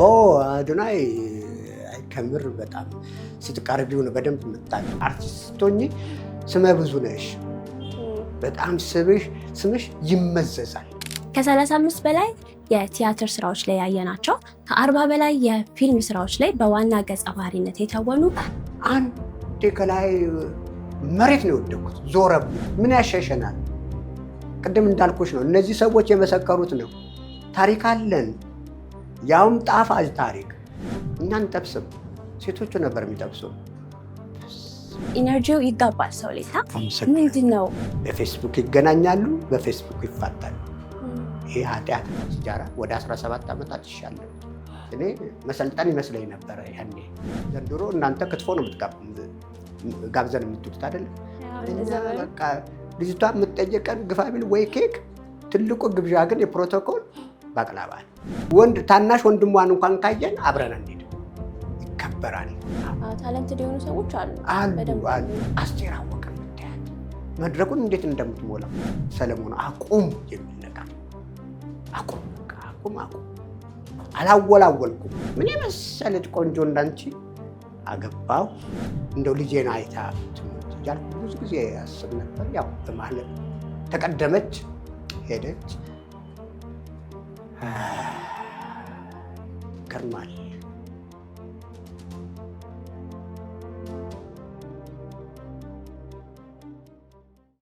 ኦ አዶናይ ከምር በጣም ስትቀርቢው ነው በደንብ መጣ። አርቲስቶ ስመ ብዙ ነሽ፣ በጣም ስብሽ ስምሽ ይመዘዛል። ከ35 በላይ የቲያትር ስራዎች ላይ ያየ ከ40 በላይ የፊልም ስራዎች ላይ በዋና ገጸ ባህሪነት የተወኑ አንድ ከላይ መሬት ነው የወደኩት። ዞረ ምን ያሸሸናል? ቅድም እንዳልኩሽ ነው፣ እነዚህ ሰዎች የመሰከሩት ነው። ታሪክ አለን ያውም ጣፋጭ ታሪክ። እኛ እንጠብስም፣ ሴቶቹ ነበር የሚጠብሱ። ኢነርጂው ይጋባል። ሰው ሌታ ምንድን ነው? በፌስቡክ ይገናኛሉ፣ በፌስቡክ ይፋታሉ። ይህ ኃጢአት ሲጃራ ወደ 17 ዓመታት ይሻለ እኔ መሰልጠን ይመስለኝ ነበረ ያኔ። ዘንድሮ እናንተ ክትፎ ነው ጋብዘን የምትሉት አይደለም። ልጅቷ የምትጠየቀን ግፋ ቢል ወይ ኬክ። ትልቁ ግብዣ ግን የፕሮቶኮል ባቅላባል ወንድ ታናሽ ወንድሟን እንኳን ካየን አብረን እንሂድ ይከበራል። ታለንትድ የሆኑ ሰዎች አሉ አሉ አሉ። አስቴር አወቀ ምታያት መድረኩን እንዴት እንደምትሞላው ሰለሞን አቁም የሚል ነገር አቁም አቁም አቁም አላወላወልኩም። ምን የመሰለች ቆንጆ እንዳንቺ አገባው እንደው ልጄን አይታ ትምህርት እያልኩ ብዙ ጊዜ አስብ ነበር። ያው በማለት ተቀደመች ሄደች። Karmali ah,